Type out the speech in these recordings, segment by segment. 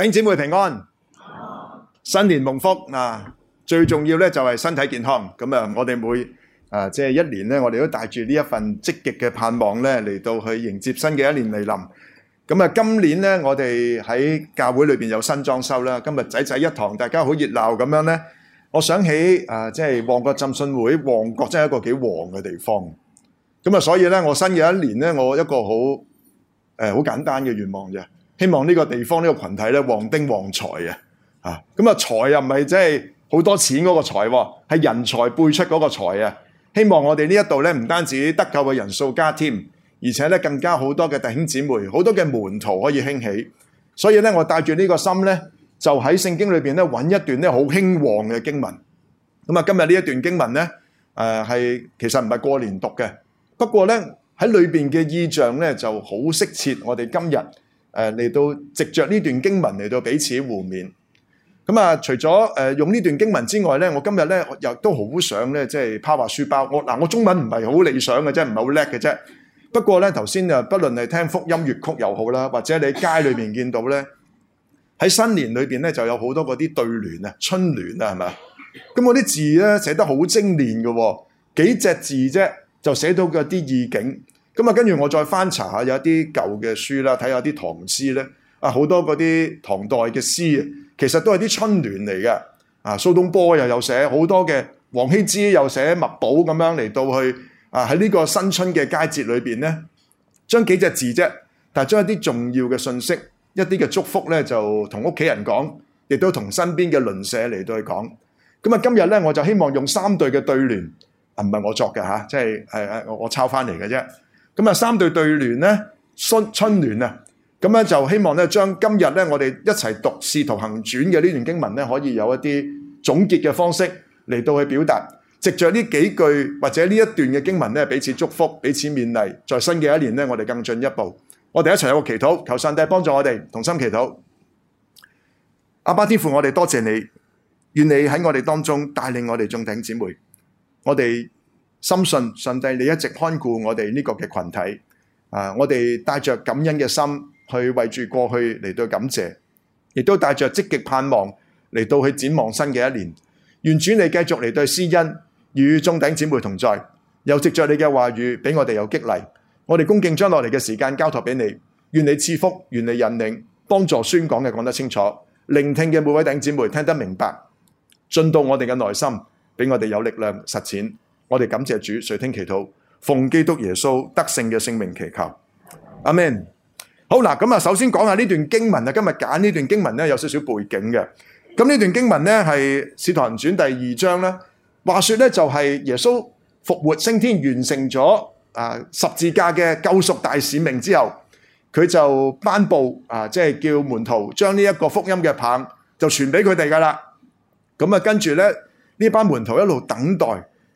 弟兄姊妹平安，新年蒙福啊，最重要咧，就係身體健康。咁啊，我哋每啊即係一年咧，我哋都帶住呢一份積極嘅盼望咧，嚟到去迎接新嘅一年嚟臨。咁啊，今年咧，我哋喺教會裏邊有新裝修啦。今日濟濟一堂，大家好熱鬧咁樣咧。我想起啊，即係旺角浸信會，旺角真係一個幾旺嘅地方。咁啊，所以咧，我新嘅一年咧，我一個好誒好簡單嘅願望啫。希望呢個地方，呢個群體呢，旺丁旺財啊！咁啊，財又唔係即係好多錢嗰個財喎，係人才輩出嗰個財啊！希望我哋呢一度呢，唔單止得救嘅人數加添，而且呢更加好多嘅弟兄姊妹、好多嘅門徒可以興起。所以呢，我帶住呢個心呢，就喺聖經裏邊呢揾一段呢好興旺嘅經文。咁啊，今日呢一段經文呢，誒係其實唔係過年讀嘅，不過呢，喺裏邊嘅意象呢，就好適切我哋今日。誒嚟到藉着呢段經文嚟到彼此互勉，咁啊除咗誒用呢段經文之外咧，我今日咧又都好想咧即係拋下書包。我嗱我中文唔係好理想嘅啫，唔係好叻嘅啫。不過咧頭先啊，不論係聽福音粵曲又好啦，或者你街裏面見到咧，喺新年裏面咧就有好多嗰啲對聯啊、春聯啊係咪？咁嗰啲字咧寫得好精煉嘅喎，幾隻字啫就寫到嗰啲意境。咁啊，跟住我再翻查下，有一啲舊嘅書啦，睇下啲唐詩咧，啊好多嗰啲唐代嘅詩，其實都係啲春聯嚟嘅。啊，蘇東坡又有寫好多嘅，王羲之又寫墨寶咁樣嚟到去啊喺呢個新春嘅佳節裏面咧，將幾隻字啫，但係將一啲重要嘅信息、一啲嘅祝福咧，就同屋企人講，亦都同身邊嘅鄰舍嚟到去講。咁啊，今日咧我就希望用三對嘅對聯，啊唔係我作嘅吓，即係係我抄翻嚟嘅啫。三對對聯、春聯，咁就希望將今日我哋一齊讀《使徒行傳》嘅呢段經文可以有一啲總結嘅方式嚟到去表達，藉着呢幾句或者呢一段嘅經文彼此祝福，彼此勉勵，在新嘅一年我哋更進一步，我哋一齊有個祈禱，求上帝幫助我哋同心祈禱。阿爸天父，我哋多謝你，願你喺我哋當中帶領我哋眾弟兄姊妹，我哋。深信上帝，你一直看顧我哋呢個嘅群體啊！我哋帶着感恩嘅心去為住過去嚟到感謝，亦都帶着積極盼望嚟到去展望新嘅一年。願主你繼續嚟到施恩，與眾頂姊妹同在，又藉着你嘅話語俾我哋有激勵。我哋恭敬將落嚟嘅時間交託俾你，願你賜福，願你引領，幫助宣講嘅講得清楚，聆聽嘅每位頂姊妹聽得明白，進到我哋嘅內心，俾我哋有力量實踐。我哋感謝主，垂聽祈禱，奉基督耶穌得勝嘅聖名祈求，阿門。好啦，咁啊，首先講下呢段經文啊。今日揀呢段經文咧，有少少背景嘅。咁呢段經文咧係《使徒行傳》第二章啦。話說咧，就係耶穌復活升天，完成咗啊十字架嘅救贖大使命之後，佢就頒布啊，即係叫門徒將呢一個福音嘅棒就傳俾佢哋噶啦。咁啊，跟住咧呢班門徒一路等待。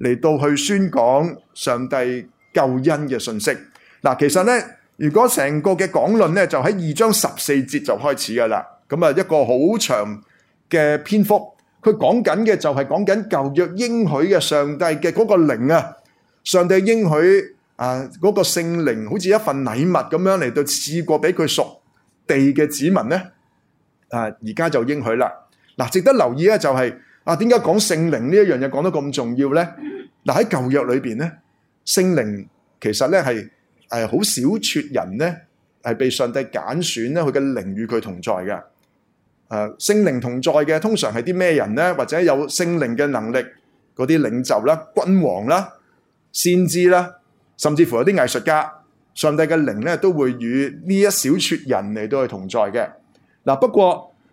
嚟到去宣講上帝救恩嘅信息。嗱，其實咧，如果成個嘅講論咧，就喺二章十四節就開始噶啦。咁啊，一個好長嘅篇幅，佢講緊嘅就係講緊舊約應許嘅上帝嘅嗰個靈啊，上帝應許啊嗰個聖靈，好似一份禮物咁樣嚟到賜過俾佢屬地嘅子民咧。啊，而家就應許啦。嗱，值得留意咧，就是，就係。嗱，點解講聖靈呢一樣嘢講得咁重要咧？嗱，喺舊約裏邊咧，聖靈其實咧係係好少撮人咧，係被上帝揀選咧，佢嘅靈與佢同在嘅。誒，聖靈同在嘅通常係啲咩人咧？或者有聖靈嘅能力嗰啲領袖啦、君王啦、先知啦，甚至乎有啲藝術家，上帝嘅靈咧都會與呢一小撮人嚟，都係同在嘅。嗱，不過。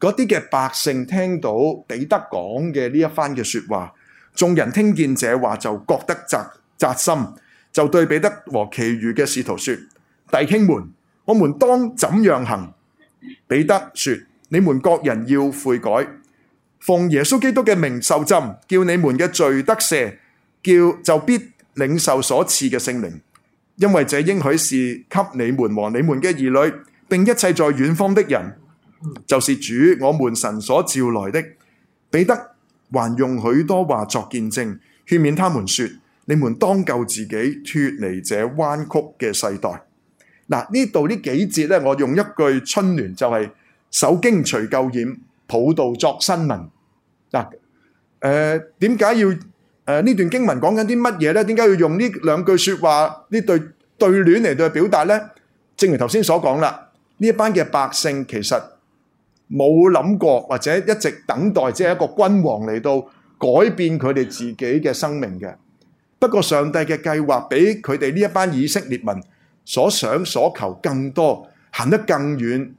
嗰啲嘅百姓聽到彼得講嘅呢一番嘅說話，眾人聽見這話就覺得扎，扎心，就對彼得和其餘嘅使徒說：弟兄們，我們當怎樣行？彼得說：你們各人要悔改，奉耶穌基督嘅名受浸，叫你們嘅罪得赦，叫就必領受所賜嘅聖靈。因為這應許是給你們和你們嘅兒女，並一切在遠方的人。就是主，我們神所召來的彼得，還用許多話作見證，勸勉他們說：你們當救自己，脱離這彎曲嘅世代。嗱，呢度呢幾節咧，我用一句春聯就係：守經除舊染，普道作新民。嗱、呃，誒，點解要誒呢段經文講緊啲乜嘢咧？點解要用呢兩句說話呢對對聯嚟到表達咧？正如頭先所講啦，呢一班嘅百姓其實。冇諗過或者一直等待，即係一個君王嚟到改變佢哋自己嘅生命嘅。不過上帝嘅計劃比佢哋呢一班以色列民所想所求更多，行得更遠。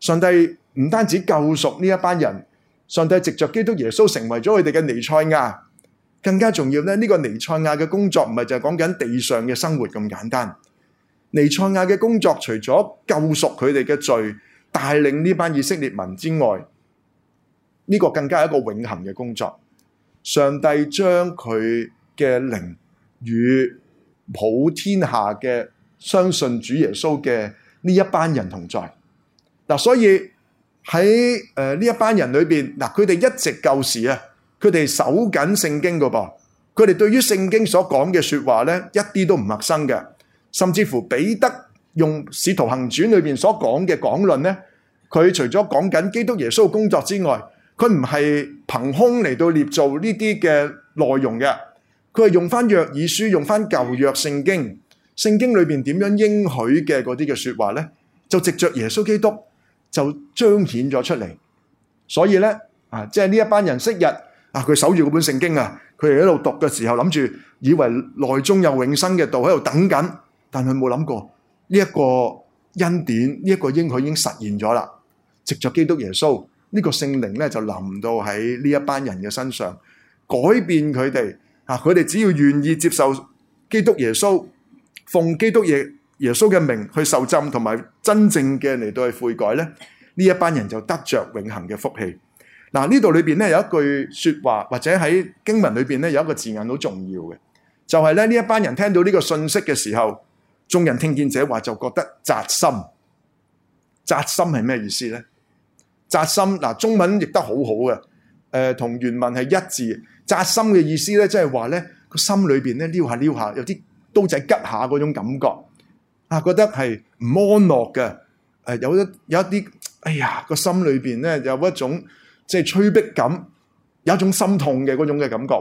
上帝唔單止救贖呢一班人，上帝藉著基督耶穌成為咗佢哋嘅尼賽亞。更加重要呢，呢個尼賽亞嘅工作唔係就係講緊地上嘅生活咁簡單。尼賽亞嘅工作除咗救贖佢哋嘅罪。帶領呢班以色列民之外，呢個更加係一個永恆嘅工作。上帝將佢嘅靈與普天下嘅相信主耶穌嘅呢一班人同在。嗱，所以喺誒，呢一班人裏邊，嗱，佢哋一直舊時啊，佢哋守緊聖經噶噃，佢哋對於聖經所講嘅說話咧，一啲都唔陌生嘅，甚至乎彼得。用《使徒行傳》裏面所講嘅講論呢，佢除咗講緊基督耶穌工作之外，佢唔係憑空嚟到捏造呢啲嘅內容嘅，佢係用翻《約珥書》，用翻舊約聖經，聖經裏面點樣應許嘅嗰啲嘅說話呢，就藉着耶穌基督就彰顯咗出嚟。所以呢，啊，即係呢一班人昔日啊，佢守住嗰本聖經啊，佢哋喺度讀嘅時候諗住，以為內中有永生嘅道喺度等緊，但佢冇諗過。呢一個恩典，呢一個應許已經實現咗啦。藉著基督耶穌，呢個聖靈咧就臨到喺呢一班人嘅身上，改變佢哋。啊，佢哋只要願意接受基督耶穌，奉基督耶耶穌嘅名去受浸，同埋真正嘅嚟到去悔改咧，呢一班人就得着永恆嘅福氣。嗱，呢度裏邊咧有一句説話，或者喺經文裏邊咧有一個字眼好重要嘅，就係咧呢一班人聽到呢個信息嘅時候。眾人聽見這話就覺得扎心，扎心係咩意思呢？扎心嗱、啊，中文譯得很好好嘅，誒、呃，同原文係一致。扎心嘅意思咧，即係話呢個心裏邊咧撩下撩下，有啲刀仔拮下嗰種感覺啊，覺得係唔安樂嘅，誒、啊，有一有一啲，哎呀，個心裏邊呢，有一種即係催逼感，有一種心痛嘅嗰種嘅感覺。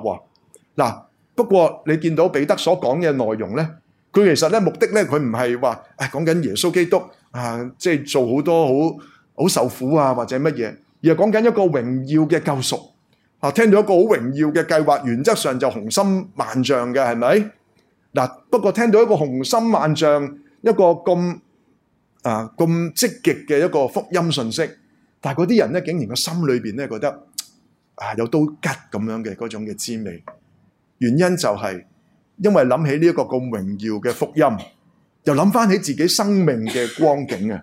嗱、啊，不過你見到彼得所講嘅內容呢。佢其實咧目的咧，佢唔係話誒講緊耶穌基督啊，即係做好多好好受苦啊，或者乜嘢，而係講緊一個榮耀嘅救贖啊。聽到一個好榮耀嘅計劃，原則上就雄心萬丈嘅，係咪？嗱，不過聽到一個雄心萬丈、一個咁啊咁積極嘅一個福音信息，但係嗰啲人咧竟然喺心裏邊咧覺得啊有刀吉咁樣嘅嗰種嘅滋味，原因就係。因為諗起呢一個咁榮耀嘅福音，又諗翻起自己生命嘅光景啊，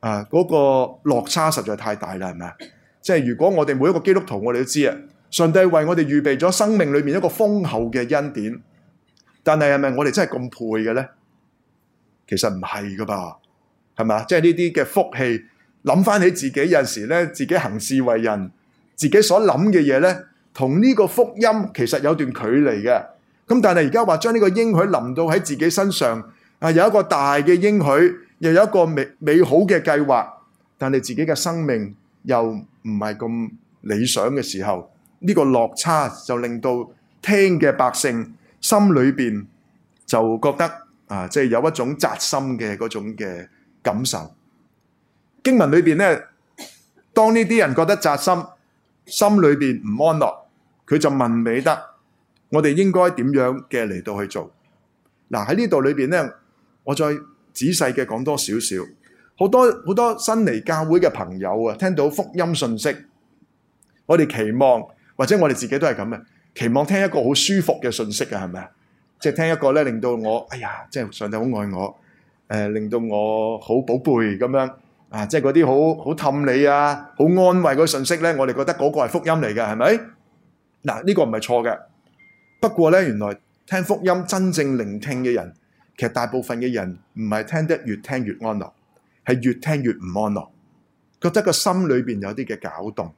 啊嗰個落差實在太大啦，係咪？即係如果我哋每一個基督徒，我哋都知啊，上帝為我哋預備咗生命裏面一個豐厚嘅恩典，但係係咪我哋真係咁配嘅咧？其實唔係噶吧，係咪啊？即係呢啲嘅福氣，諗翻起自己有陣時咧，自己行事為人，自己所諗嘅嘢咧，同呢個福音其實有段距離嘅。咁但係而家話將呢個應許臨到喺自己身上，啊有一個大嘅應許，又有一個美美好嘅計劃，但係自己嘅生命又唔係咁理想嘅時候，呢個落差就令到聽嘅百姓心裏邊就覺得啊，即係有一種扎心嘅嗰種嘅感受。經文裏邊咧，當呢啲人覺得扎心，心裏邊唔安樂，佢就問彼得。我哋應該點樣嘅嚟到去做？嗱喺呢度裏邊咧，我再仔細嘅講多少少。好多好多新嚟教會嘅朋友啊，聽到福音信息，我哋期望或者我哋自己都係咁嘅，期望聽一個好舒服嘅信息啊，係咪啊？即係聽一個咧，令到我哎呀，即係上帝好愛我，誒令到我好寶貝咁樣啊！即係嗰啲好好氹你啊，好安慰嗰個信息咧，我哋覺得嗰個係福音嚟嘅，係咪？嗱呢個唔係錯嘅。不過咧，原來聽福音真正聆聽嘅人，其實大部分嘅人唔係聽得越聽越安樂，係越聽越唔安樂，覺得個心裏邊有啲嘅攪動。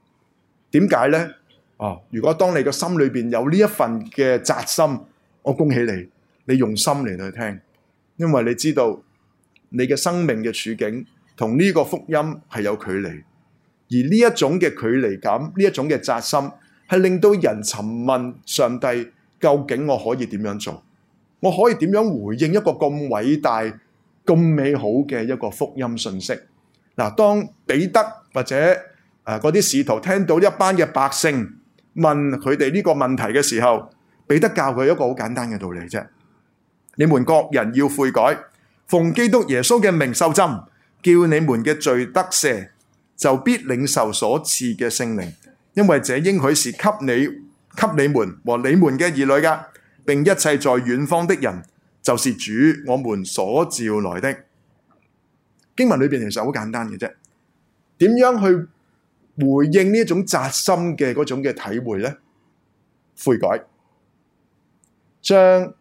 點解呢？哦，如果當你個心裏邊有呢一份嘅扎心，我恭喜你，你用心嚟去聽，因為你知道你嘅生命嘅處境同呢個福音係有距離，而呢一種嘅距離感，呢一種嘅扎心，係令到人尋問上帝。究竟我可以點樣做？我可以點樣回應一個咁偉大、咁美好嘅一個福音信息？嗱，當彼得或者誒嗰啲使徒聽到一班嘅百姓問佢哋呢個問題嘅時候，彼得教佢一個好簡單嘅道理啫：你們各人要悔改，奉基督耶穌嘅名受浸，叫你們嘅罪得赦，就必領受所賜嘅聖靈，因為這應許是給你。給你們和你們嘅兒女噶，並一切在遠方的人，就是主我們所召來的。經文裏邊其實好簡單嘅啫，點樣去回應呢種紮心嘅嗰種嘅體會呢？悔改，將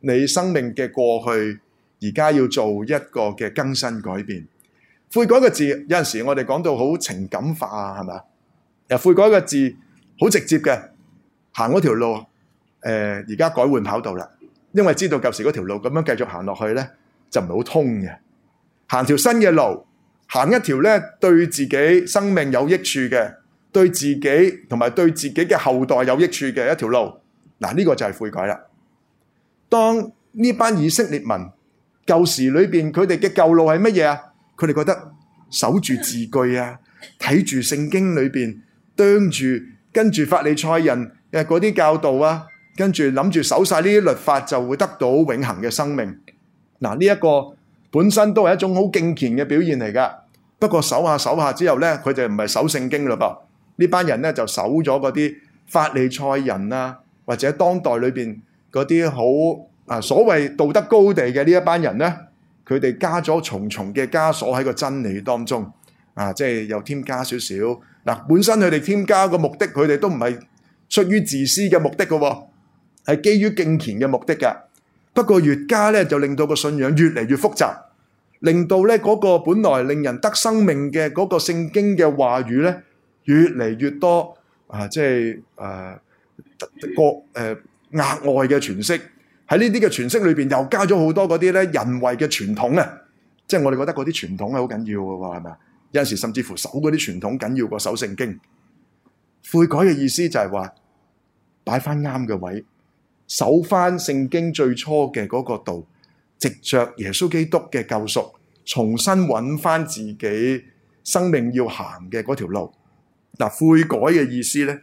你生命嘅過去而家要做一個嘅更新改變。悔改個字有陣時我哋講到好情感化，係咪？悔改個字好直接嘅。行嗰條路，呃，而家改換跑道啦。因為知道舊時嗰條路咁樣繼續行落去呢，就唔係好通嘅。行條新嘅路，行一條呢對自己生命有益處嘅，對自己同埋對自己嘅後代有益處嘅一條路。嗱，呢個就係悔改啦。當呢班以色列民舊時裏邊佢哋嘅舊路係乜嘢啊？佢哋覺得守住字句啊，睇住聖經裏邊，盯住跟住法利賽人。誒，嗰啲教導啊，跟住諗住守曬呢啲律法，就會得到永恆嘅生命。嗱，呢一個本身都係一種好敬虔嘅表現嚟噶。不過守下守下之後咧，佢哋就唔係守聖經嘞噃。呢班人咧就守咗嗰啲法利賽人啊，或者當代裏邊嗰啲好啊所謂道德高地嘅呢一班人咧，佢哋加咗重重嘅枷鎖喺個真理當中啊，即係又添加少少。嗱，本身佢哋添加個目的，佢哋都唔係，出於自私嘅目的嘅，係基於敬虔嘅目的嘅。不過越加咧就令到個信仰越嚟越複雜，令到咧嗰個本來令人得生命嘅嗰個聖經嘅話語咧越嚟越多啊！即係誒，個、啊、誒、啊、額外嘅詮釋喺呢啲嘅詮釋裏邊又加咗好多嗰啲咧人為嘅傳統啊！即係我哋覺得嗰啲傳統係好緊要嘅話，係咪啊？有陣時甚至乎守嗰啲傳統緊要過守聖經。悔改嘅意思就係話擺翻啱嘅位，守翻聖經最初嘅嗰個道，藉着耶穌基督嘅救贖，重新揾翻自己生命要行嘅嗰條路。嗱，悔改嘅意思咧，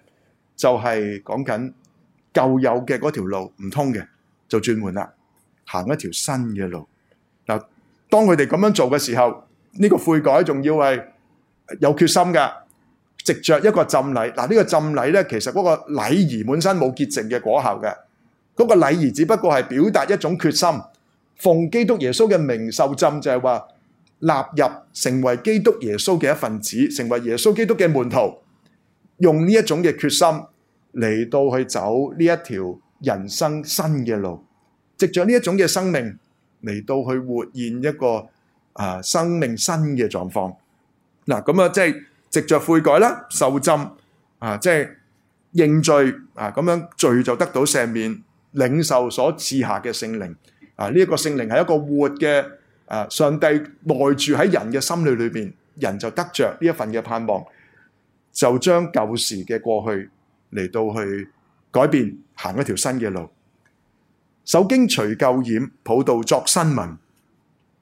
就係講緊舊有嘅嗰條路唔通嘅，就轉換啦，行一條新嘅路。嗱，當佢哋咁樣做嘅時候，呢個悔改仲要係有決心噶。藉著一個浸禮，嗱，呢個浸禮咧，其實嗰個禮儀本身冇潔淨嘅果效嘅，嗰個禮儀只不過係表達一種決心，奉基督耶穌嘅名受浸，就係話納入成為基督耶穌嘅一份子，成為耶穌基督嘅門徒，用呢一種嘅決心嚟到去走呢一條人生新嘅路，藉著呢一種嘅生命嚟到去活現一個啊生命新嘅狀況。嗱，咁啊，即係。藉著悔改啦，受浸，啊，即係認罪啊，咁樣罪就得到赦免，領受所賜下嘅聖靈啊，呢一個聖靈係一個活嘅啊，上帝內住喺人嘅心裏裏邊，人就得着呢一份嘅盼望，就將舊時嘅過去嚟到去改變，行一條新嘅路。守經除舊染，普道作新聞，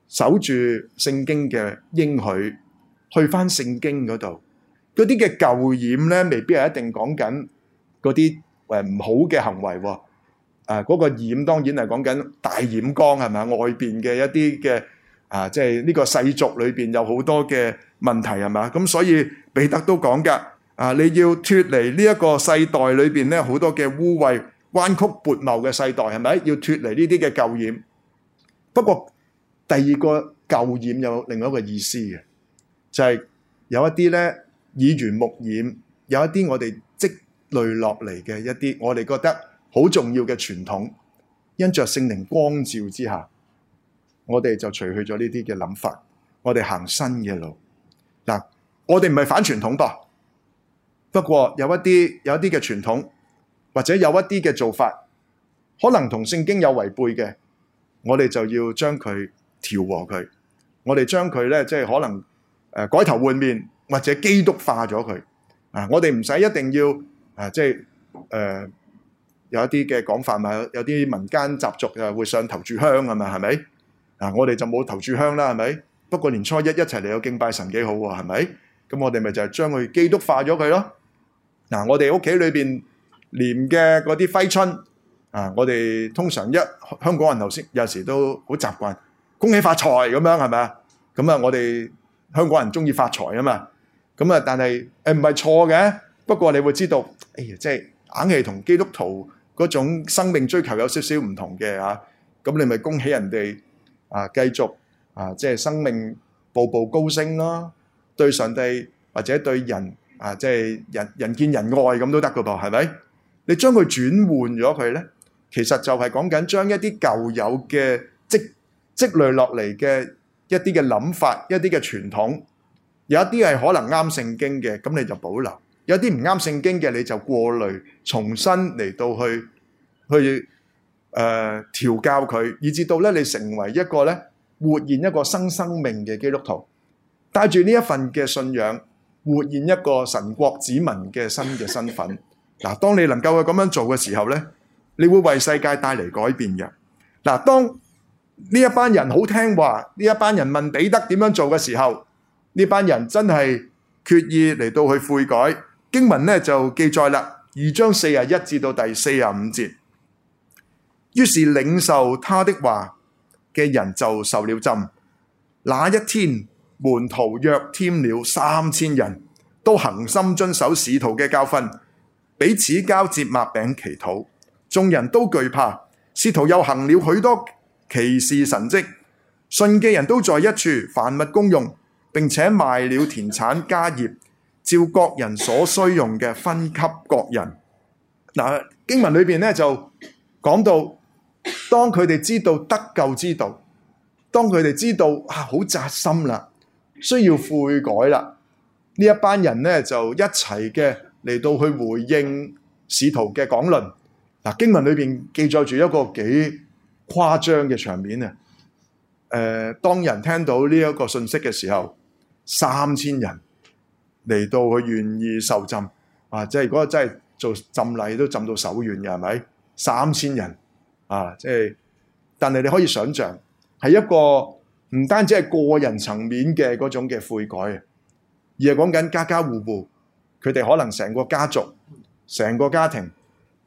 守住聖經嘅應許。去翻聖經嗰度，嗰啲嘅舊染咧，未必係一定講緊嗰啲誒唔好嘅行為喎。誒嗰個染當然係講緊大染缸係咪？外邊嘅一啲嘅啊，即係呢個世俗裏邊有好多嘅問題係咪？咁所以彼得都講㗎啊，你要脫離呢一個世代裏邊咧好多嘅污穢、彎曲、悖謬嘅世代係咪？要脫離呢啲嘅舊染。不過第二個舊染有另外一個意思嘅。就係、是、有一啲咧耳濡目染，有一啲我哋積累落嚟嘅一啲，我哋覺得好重要嘅傳統。因着聖靈光照之下，我哋就除去咗呢啲嘅諗法，我哋行新嘅路嗱。我哋唔係反傳統噃，不過有一啲有一啲嘅傳統或者有一啲嘅做法，可能同聖經有違背嘅，我哋就要將佢調和佢。我哋將佢咧，即係可能。誒改頭換面或者基督化咗佢啊！我哋唔使一定要啊，即係誒有一啲嘅講法嘛，有啲民間習俗啊，會上頭柱香係咪？係咪啊？我哋就冇頭柱香啦，係咪？不過年初一一齊嚟到敬拜神幾好喎，係咪？咁我哋咪就係將佢基督化咗佢咯。嗱，我哋屋企裏邊唸嘅嗰啲揮春啊，我哋通常一香港人頭先有時都好習慣，恭喜發財咁樣係咪啊？咁啊，我哋。香港人中意發財啊嘛，咁啊，但係誒唔係錯嘅，不過你會知道，哎呀，即係硬係同基督徒嗰種生命追求有少少唔同嘅嚇，咁你咪恭喜人哋啊，繼續啊，即係生命步步高升啦，對上帝或者對人啊，即係人人見人愛咁都得噶噃，係咪？你將佢轉換咗佢咧，其實就係講緊將一啲舊有嘅積積累落嚟嘅。一啲嘅諗法，一啲嘅傳統，有一啲係可能啱聖經嘅，咁你就保留；有啲唔啱聖經嘅，你就過濾，重新嚟到去去誒調教佢，以致到咧你成為一個咧活現一個新生命嘅基督徒，帶住呢一份嘅信仰，活現一個神國子民嘅新嘅身份。嗱，當你能夠去咁樣做嘅時候咧，你會為世界帶嚟改變嘅。嗱，當呢一班人好聽話，呢一班人問彼得點樣做嘅時候，呢班人真係決意嚟到去悔改。經文呢就記載啦，二章四十一至到第四十五節。於是領受他的話嘅人就受了浸。那一天門徒約添了三千人，都恆心遵守使徒嘅教訓，彼此交接擘餅祈禱。眾人都懼怕，使徒又行了許多。奇事神蹟，信嘅人都在一處凡物公用。並且賣了田產家業，照各人所需用嘅分給各人。嗱、啊，經文裏邊咧就講到，當佢哋知道得救之道，當佢哋知道啊好扎心啦，需要悔改啦，這一幫呢一班人咧就一齊嘅嚟到去回應使徒嘅講論。嗱、啊，經文裏邊記載住一個幾誇張嘅場面啊！誒，當人聽到呢一個信息嘅時候，三千人嚟到佢願意受浸啊！即係如果真係做浸禮，都浸到手軟嘅係咪？三千人啊！即係，但係你可以想象，係一個唔單止係個人層面嘅嗰種嘅悔改啊，而係講緊家家戶戶，佢哋可能成個家族、成個家庭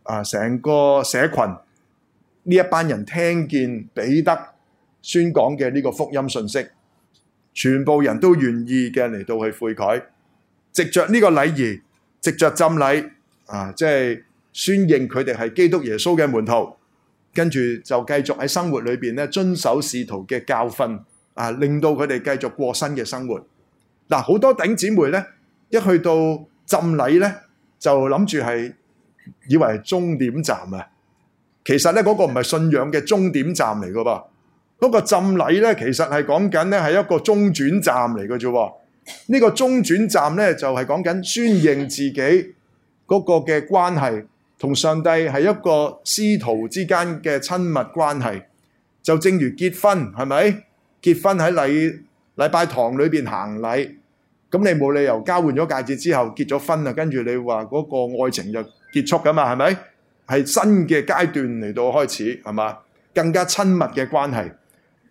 啊、成個社群。呢一班人聽見彼得宣講嘅呢個福音信息，全部人都願意嘅嚟到去悔改，藉着呢個禮儀，藉着浸禮，啊，即係宣認佢哋係基督耶穌嘅門徒，跟住就繼續喺生活裏邊咧遵守使徒嘅教訓，啊，令到佢哋繼續過新嘅生活。嗱，好多頂姊妹咧，一去到浸禮咧，就諗住係以為係終點站啊。其實咧，嗰個唔係信仰嘅終點站嚟噶噃，嗰個浸禮咧，其實係講緊咧，係一個中轉站嚟噶啫。呢個中轉站咧，就係講緊宣認自己嗰個嘅關係同上帝係一個師徒之間嘅親密關係。就正如結婚係咪？結婚喺禮禮拜堂裏面行禮，咁你冇理由交換咗戒指之後結咗婚啊，跟住你話嗰個愛情就結束噶嘛？係咪？係新嘅階段嚟到開始，係嘛？更加親密嘅關係，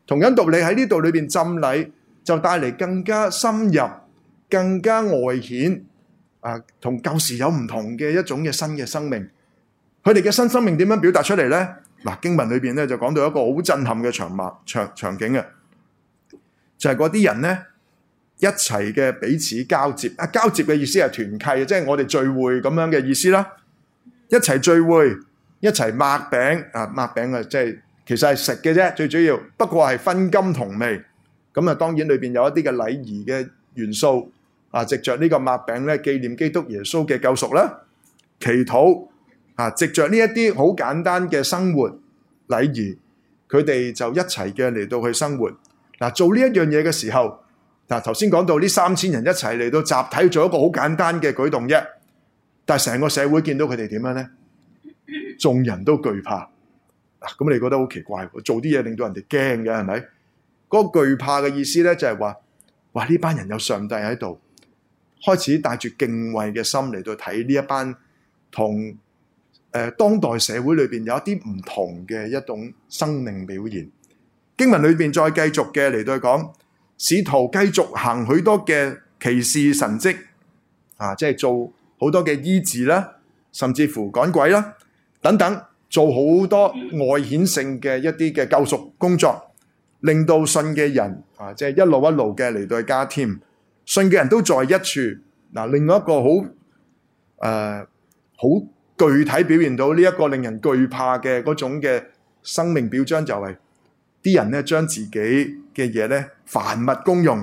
同樣道理喺呢度裏邊浸禮，就帶嚟更加深入、更加外顯啊！同舊時有唔同嘅一種嘅新嘅生命。佢哋嘅新生命點樣表達出嚟呢？嗱、啊，經文裏邊咧就講到一個好震撼嘅場幕場場景嘅，就係嗰啲人咧一齊嘅彼此交接啊！交接嘅意思係團契即係、就是、我哋聚會咁樣嘅意思啦。一齊聚會，一齊擘餅啊！擘餅啊，即係其實係食嘅啫，最主要不過係分金同味。咁啊，當然裏邊有一啲嘅禮儀嘅元素啊，藉著呢個擘餅咧，紀念基督耶穌嘅救贖啦，祈禱啊，藉著呢一啲好簡單嘅生活禮儀，佢哋就一齊嘅嚟到去生活。嗱，做呢一樣嘢嘅時候，嗱，頭先講到呢三千人一齊嚟到集體做一個好簡單嘅舉動啫。但係成個社會見到佢哋點樣咧？眾人都懼怕。咁、啊、你覺得好奇怪？做啲嘢，令到人哋驚嘅係咪？嗰懼、那個、怕嘅意思咧，就係話，哇呢班人有上帝喺度。開始帶住敬畏嘅心嚟到睇呢一班同誒、呃、當代社會裏邊有一啲唔同嘅一種生命表現。經文裏邊再繼續嘅嚟到講，使徒繼續行許多嘅奇事神跡，啊，即、就、係、是、做。好多嘅醫治啦，甚至乎趕鬼啦，等等，做好多外顯性嘅一啲嘅救贖工作，令到信嘅人啊，即係一路一路嘅嚟到家添。信嘅人都在一處。嗱，另外一個好誒，好具體表現到呢一個令人懼怕嘅嗰種嘅生命表彰，就係啲人咧將自己嘅嘢咧，凡物公用，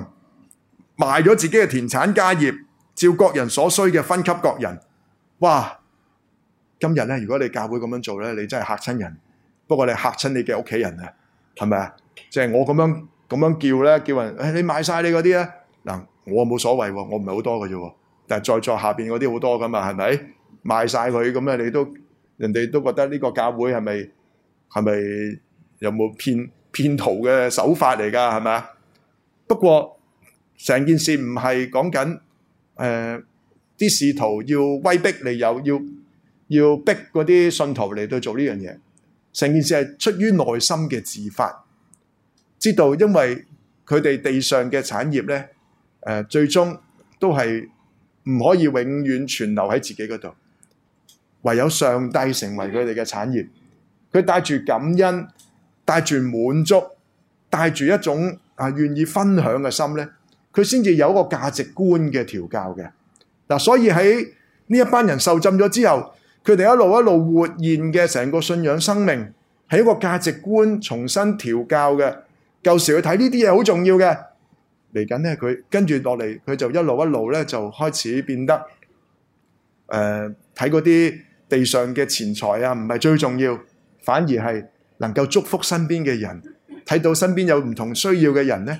賣咗自己嘅田產家業。照各人所需嘅分給各人，哇！今日咧，如果你教會咁樣做咧，你真係吓親人。不過你吓親你嘅屋企人啊，係咪啊？即係我咁樣咁樣叫咧，叫人誒，你賣晒你嗰啲啊嗱，我冇所謂，我唔係好多噶啫。但係在座下面嗰啲好多噶嘛，係咪賣晒佢咁咧？你都人哋都覺得呢個教會係咪係咪有冇騙騙徒嘅手法嚟噶？係咪啊？不過成件事唔係講緊。誒啲使徒要威逼利誘，要要逼嗰啲信徒嚟到做呢樣嘢。成件事係出於內心嘅自發，知道因為佢哋地上嘅產業咧，誒、呃、最終都係唔可以永遠存留喺自己嗰度，唯有上帝成為佢哋嘅產業，佢帶住感恩，帶住滿足，帶住一種啊願意分享嘅心咧。佢先至有個價值觀嘅調教嘅嗱，所以喺呢一班人受浸咗之後，佢哋一路一路活現嘅成個信仰生命，係一個價值觀重新調教嘅。舊時去睇呢啲嘢好重要嘅，嚟緊咧佢跟住落嚟，佢就一路一路咧就開始變得誒睇嗰啲地上嘅錢財啊，唔係最重要，反而係能夠祝福身邊嘅人，睇到身邊有唔同需要嘅人咧。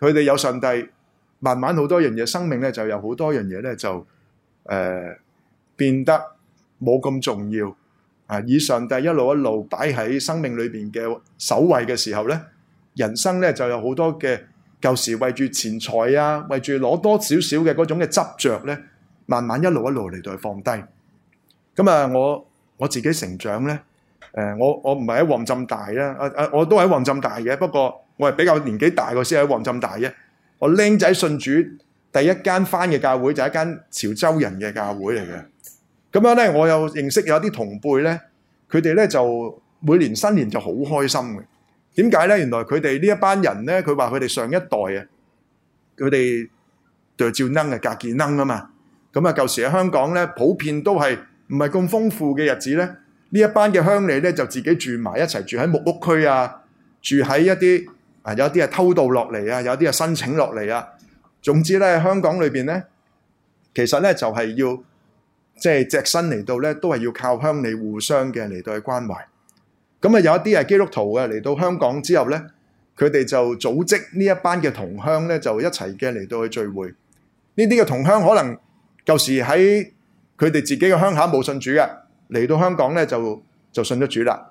佢哋有上帝，慢慢好多樣嘢，生命咧就有好多樣嘢咧就誒變得冇咁重要啊！以上帝一路一路擺喺生命裏邊嘅首位嘅時候咧，人生咧就有好多嘅舊時為住錢財啊，為住攞多少少嘅嗰種嘅執着咧，慢慢一路一路嚟到去放低。咁啊，我我自己成長咧，誒，我我唔係喺旺浸大啦，啊啊，我都喺旺浸大嘅，不過。我係比較年紀大個先喺黃浸大，我僆仔信主第一間翻嘅教會就係一間潮州人嘅教會嚟嘅。咁樣咧，我又認識有啲同輩咧，佢哋咧就每年新年就好開心嘅。點解咧？原來佢哋呢一班人咧，佢話佢哋上一代啊，佢哋就照掹啊，隔幾掹啊嘛。咁啊，舊時喺香港咧，普遍都係唔係咁豐富嘅日子咧。呢一班嘅鄉里咧就自己住埋一齊住喺木屋區啊，住喺一啲。啊！有啲係偷渡落嚟啊，有啲係申請落嚟啊。總之咧，香港裏面咧，其實咧就係要，即係隻身嚟到咧，都係要靠鄉里互相嘅嚟到去關懷。咁啊，有一啲係基督徒啊，嚟到香港之後咧，佢哋就組織呢一班嘅同鄉咧，就一齊嘅嚟到去聚會。呢啲嘅同鄉可能舊時喺佢哋自己嘅鄉下冇信主嘅，嚟到香港咧就就信咗主啦。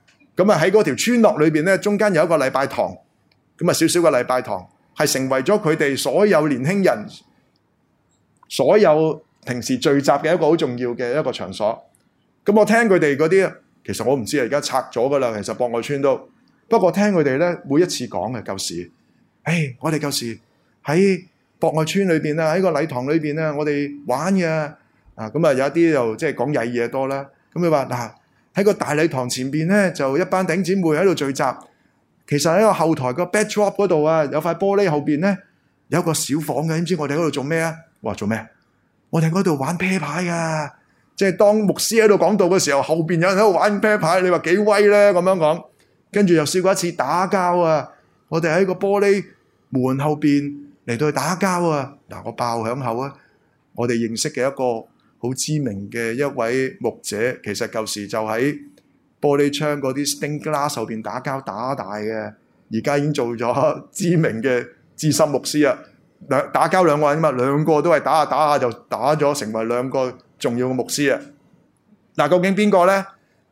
咁啊喺嗰條村落裏邊咧，中間有一個禮拜堂，咁啊少少個禮拜堂，係成為咗佢哋所有年輕人所有平時聚集嘅一個好重要嘅一個場所。咁我聽佢哋嗰啲，其實我唔知啊，而家拆咗噶啦。其實博愛村都，不過聽佢哋咧每一次講嘅舊時，誒，我哋舊時喺博愛村裏邊咧，喺個禮堂裏邊咧，我哋玩嘅啊，咁啊有一啲就即係講曳嘢多啦。咁佢話嗱。喺個大禮堂前邊咧，就一班頂姊妹喺度聚集。其實喺個後台個 backdrop 嗰度啊，有塊玻璃後邊咧，有一個小房嘅。知唔知我哋喺度做咩啊？話做咩？我哋喺度玩啤牌噶，即係當牧師喺度講道嘅時候，後邊有人喺度玩啤牌。你話幾威咧？咁樣講，跟住又試過一次打交啊！我哋喺個玻璃門後邊嚟到去打交啊！嗱，我爆響口啊！我哋認識嘅一個。好知名嘅一位牧者，其實舊時就喺玻璃窗嗰啲 stained glass 後邊打交打大嘅，而家已經做咗知名嘅資深牧師啊！兩打交兩個人嘛，兩個都係打下打下就打咗成為兩個重要嘅牧師啊！嗱，究竟邊個呢？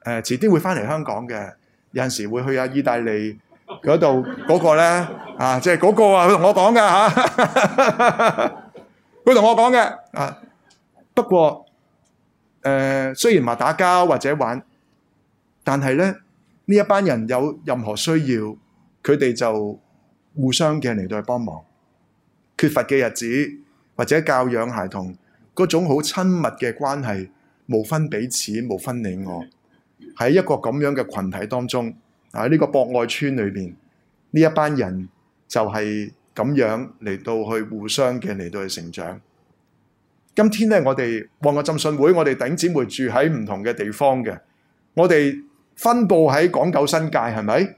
誒、啊，遲啲會翻嚟香港嘅，有陣時會去下、啊、意大利嗰度嗰個呢啊，即係嗰個啊，佢同我講㗎吓，佢同我講嘅啊。哈哈不過，誒、呃，雖然話打交或者玩，但係咧，呢一班人有任何需要，佢哋就互相嘅，嚟到去幫忙。缺乏嘅日子或者教養孩童，嗰種好親密嘅關係，無分彼此，無分你我。喺一個咁樣嘅群體當中，喺呢個博愛村裏邊，呢一班人就係咁樣嚟到去互相嘅嚟到去成長。今天咧，我哋旺角浸信會，我哋頂姊妹住喺唔同嘅地方嘅，我哋分布喺港九新界，係咪？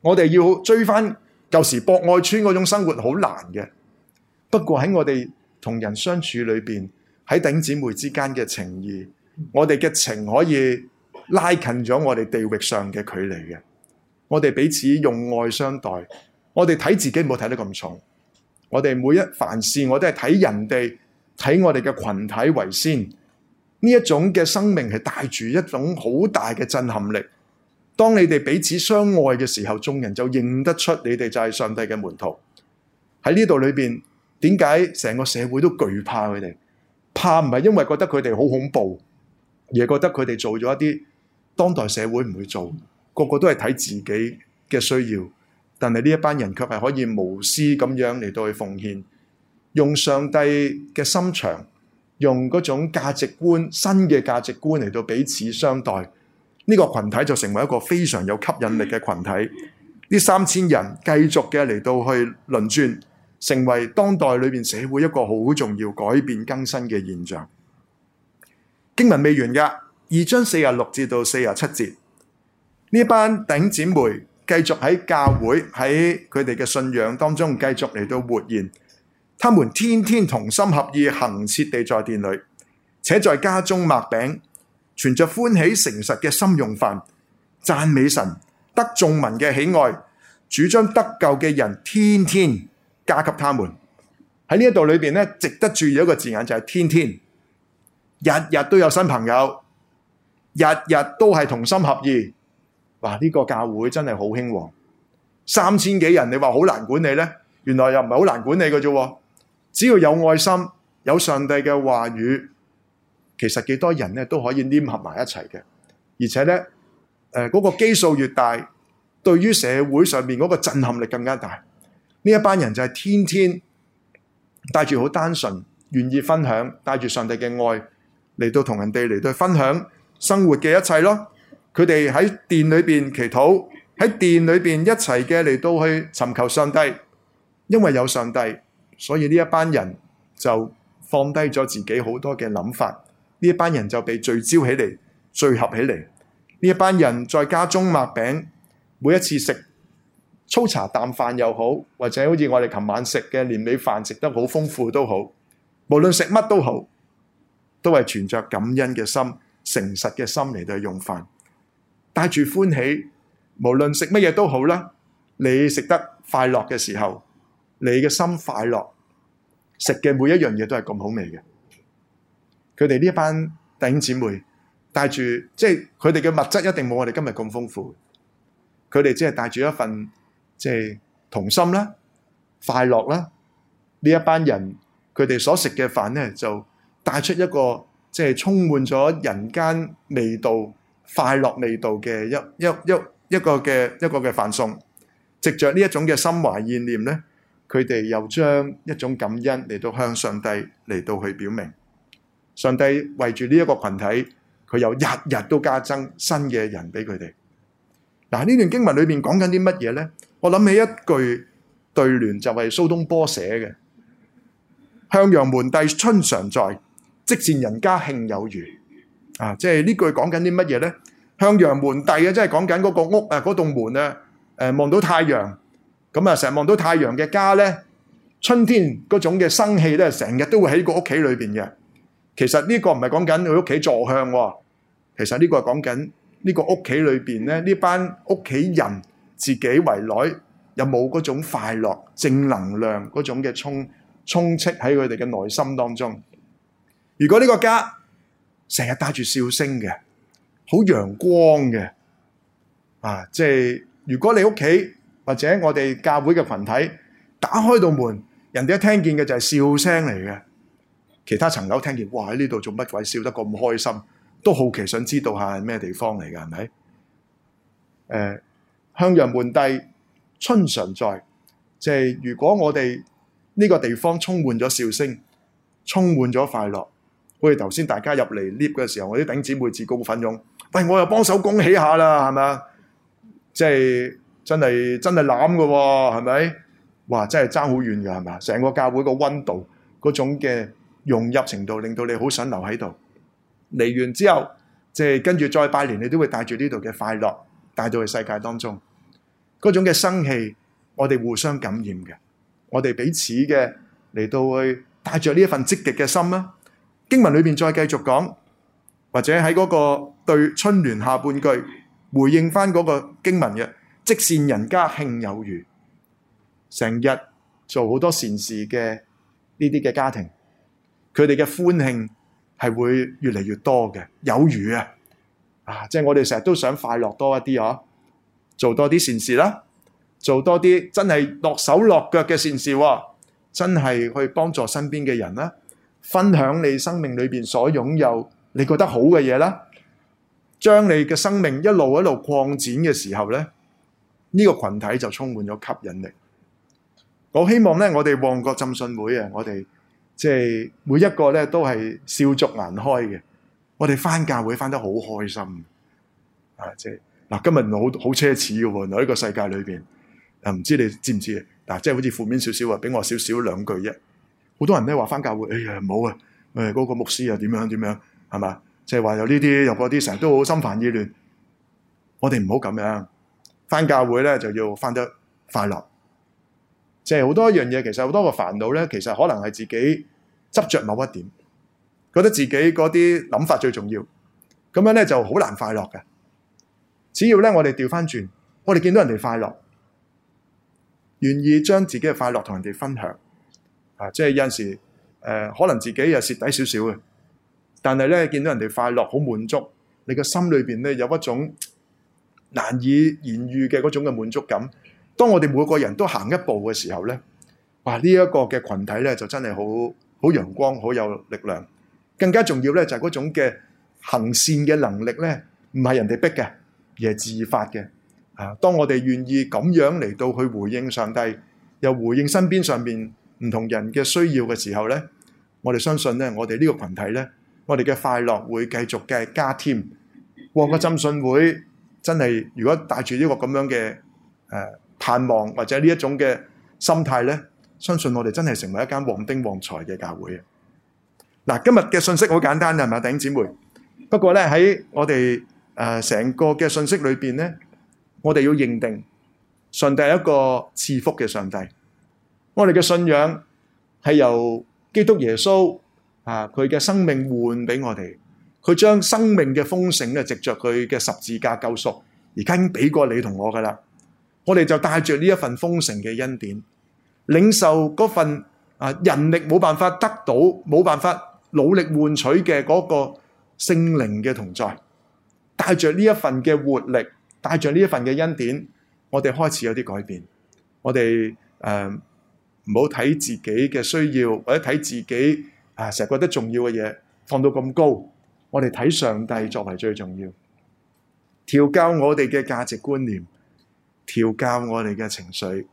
我哋要追翻舊時博愛村嗰種生活，好難嘅。不過喺我哋同人相處裏邊，喺頂姊妹之間嘅情誼，我哋嘅情可以拉近咗我哋地域上嘅距離嘅。我哋彼此用愛相待，我哋睇自己冇睇得咁重，我哋每一凡事我都係睇人哋。睇我哋嘅群體為先，呢一種嘅生命係帶住一種好大嘅震撼力。當你哋彼此相愛嘅時候，眾人就認得出你哋就係上帝嘅門徒。喺呢度裏邊，點解成個社會都懼怕佢哋？怕唔係因為覺得佢哋好恐怖，而係覺得佢哋做咗一啲當代社會唔會做，個個都係睇自己嘅需要，但係呢一班人卻係可以無私咁樣嚟到去奉獻。用上帝嘅心腸，用嗰種價值觀、新嘅價值觀嚟到彼此相待，呢、這個群體就成為一個非常有吸引力嘅群體。呢三千人繼續嘅嚟到去輪轉，成為當代裏面社會一個好重要改變更新嘅現象。經文未完㗎，二章四十六至到四十七節，呢班頂姐妹繼續喺教會喺佢哋嘅信仰當中繼續嚟到活現。他們天天同心合意，恒切地在殿裏，且在家中擘餅，存着歡喜誠實嘅心用飯，讚美神，得眾民嘅喜愛。主將得救嘅人天天加給他們。喺呢一度裏邊咧，值得注意一個字眼就係天天，日日都有新朋友，日日都係同心合意。哇！呢、這個教會真係好興旺，三千幾人，你話好難管理呢？原來又唔係好難管理嘅啫。只要有愛心、有上帝嘅話語，其實幾多人咧都可以黏合埋一齊嘅。而且咧，誒、呃、嗰、嗰個基數越大，對於社會上面嗰個震撼力更加大。呢一班人就係天天帶住好單純、願意分享、帶住上帝嘅愛嚟到同人哋嚟到分享生活嘅一切咯。佢哋喺殿裏面祈禱，喺殿裏面一齊嘅嚟到去尋求上帝，因為有上帝。所以呢一班人就放低咗自己好多嘅諗法，呢一班人就被聚焦起嚟、聚合起嚟。呢一班人在家中擘餅，每一次食粗茶淡飯又好，或者好似我哋琴晚食嘅年尾飯食得好豐富都好，無論食乜都好，都係存着感恩嘅心、誠實嘅心嚟到用飯，帶住歡喜，無論食乜嘢都好啦。你食得快樂嘅時候。你嘅心快樂，食嘅每一樣嘢都係咁好味嘅。佢哋呢一班弟兄姊妹帶住，即係佢哋嘅物質一定冇我哋今日咁豐富。佢哋只係帶住一份即係同心啦、快樂啦。呢一班人佢哋所食嘅飯咧，就帶出一個即係充滿咗人間味道、快樂味道嘅一一一一個嘅一個嘅飯餸。藉著呢一種嘅心懷意念咧。佢哋又將一種感恩嚟到向上帝嚟到去表明，上帝為住呢一個群體，佢又日日都加增新嘅人俾佢哋。嗱，呢段經文裏面講緊啲乜嘢呢？我諗起一句對聯就係蘇東坡寫嘅：向陽門第春常在，積善人家慶有餘。啊，即係呢句講緊啲乜嘢呢？向陽門第嘅即係講緊嗰個屋啊，嗰棟門啊，誒，望到太陽。咁啊，成日望到太陽嘅家咧，春天嗰種嘅生氣咧，成日都會喺個屋企裏邊嘅。其實呢個唔係講緊佢屋企坐向，其實呢個係講緊呢個屋企裏邊咧，呢班屋企人自己為內有冇嗰種快樂、正能量嗰種嘅充充斥喺佢哋嘅內心當中。如果呢個家成日帶住笑聲嘅，好陽光嘅，啊，即係如果你屋企，或者我哋教會嘅羣體打開道門，人哋一聽見嘅就係笑聲嚟嘅。其他層樓聽見，哇！喺呢度做乜鬼笑得咁開心，都好奇想知道下係咩地方嚟㗎？係咪？誒，向陽門第春常在，即係如果我哋呢個地方充滿咗笑聲，充滿咗快樂，好似頭先大家入嚟 lift 嘅時候，我啲頂姊妹自告奮勇，喂，我又幫手恭喜下啦，係咪啊？即係。真係真係攬㗎喎，係咪？哇！真係爭好遠嘅，係咪？成個教會個溫度，嗰種嘅融入程度，令到你好想留喺度。嚟完之後，即係跟住再拜年，你都會帶住呢度嘅快樂，帶到去世界當中。嗰種嘅生氣，我哋互相感染嘅，我哋彼此嘅嚟到去，帶着呢一份積極嘅心啦、啊。經文裏邊再繼續講，或者喺嗰個對春聯下半句回應翻嗰個經文嘅。積善人家慶有餘，成日做好多善事嘅呢啲嘅家庭，佢哋嘅歡慶係會越嚟越多嘅有餘啊！啊，即係我哋成日都想快樂多一啲嗬、啊，做多啲善事啦、啊，做多啲真係落手落腳嘅善事、啊，真係去幫助身邊嘅人啦、啊，分享你生命裏邊所擁有你覺得好嘅嘢啦，將你嘅生命一路一路擴展嘅時候呢。呢、呢個群體就充滿咗吸引力。我希望咧，我哋旺角浸信會啊，我哋即係每一個咧都係笑逐顏開嘅。我哋翻教會翻得好開心啊！即係嗱，今日好好奢侈嘅喎，呢個世界裏邊啊，唔知你知唔知？啊？嗱，即係好似負面少少啊，俾我少少兩句啫。好多人咧話翻教會，哎呀唔好啊，誒嗰個牧師又點樣點樣，係嘛？即係話有呢啲有嗰啲，成日都好心煩意亂。我哋唔好咁樣。翻教會咧就要翻得快樂，即係好多一樣嘢，其實好多個煩惱咧，其實可能係自己執着某一點，覺得自己嗰啲諗法最重要，咁樣咧就好難快樂嘅。只要咧我哋調翻轉，我哋見到人哋快樂，願意將自己嘅快樂同人哋分享，啊，即係有陣時誒、呃，可能自己又蝕底少少嘅，但係咧見到人哋快樂，好滿足，你個心裏邊咧有一種。難以言喻嘅嗰種嘅滿足感。當我哋每個人都行一步嘅時候咧，哇！呢一個嘅羣體咧就真係好好陽光、好有力量。更加重要咧就係嗰種嘅行善嘅能力咧，唔係人哋逼嘅，而係自發嘅。啊！當我哋願意咁樣嚟到去回應上帝，又回應身邊上面唔同人嘅需要嘅時候咧，我哋相信咧，我哋呢個羣體咧，我哋嘅快樂會繼續嘅加添。旺角浸信會。真係，如果帶住呢個咁樣嘅誒盼望，或者呢一種嘅心態咧，相信我哋真係成為一間旺丁旺才嘅教會啊！嗱，今日嘅信息好簡單嘅，係咪啊，弟兄姊妹？不過咧，喺我哋誒成個嘅信息裏邊咧，我哋要認定上帝係一個賜福嘅上帝。我哋嘅信仰係由基督耶穌啊，佢嘅生命換俾我哋，佢將生命嘅豐盛咧，藉著佢嘅十字架救贖，而家已經俾過你同我噶啦。我哋就帶著呢一份豐盛嘅恩典，領受嗰份啊人力冇辦法得到、冇辦法努力換取嘅嗰個聖靈嘅同在。帶著呢一份嘅活力，帶著呢一份嘅恩典，我哋開始有啲改變。我哋誒唔好睇自己嘅需要，或者睇自己啊成日覺得重要嘅嘢放到咁高。我哋睇上帝作為最重要，調教我哋嘅價值觀念，調教我哋嘅情緒，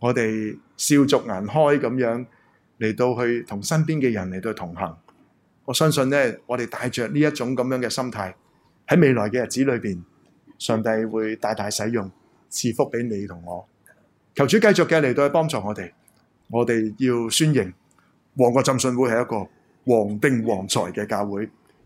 我哋笑逐顏開咁樣嚟到去同身邊嘅人嚟到同行。我相信呢，我哋帶着呢一種咁樣嘅心態喺未來嘅日子裏邊，上帝會大大使用賜福俾你同我。求主繼續嘅嚟到去幫助我哋，我哋要宣認旺角浸信會係一個旺丁旺財嘅教會。